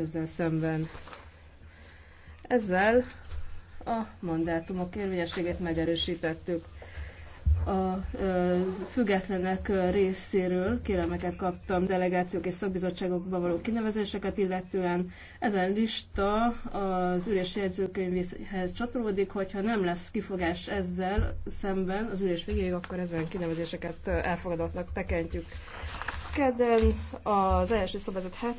ezzel szemben. Ezzel a mandátumok érvényességét megerősítettük. A függetlenek részéről kérelmeket kaptam delegációk és szakbizottságokba való kinevezéseket, illetően ezen lista az ülés jegyzőkönyvhez csatolódik, hogyha nem lesz kifogás ezzel szemben az ülés végéig, akkor ezen kinevezéseket elfogadottnak tekintjük. Kedden az első szabályzat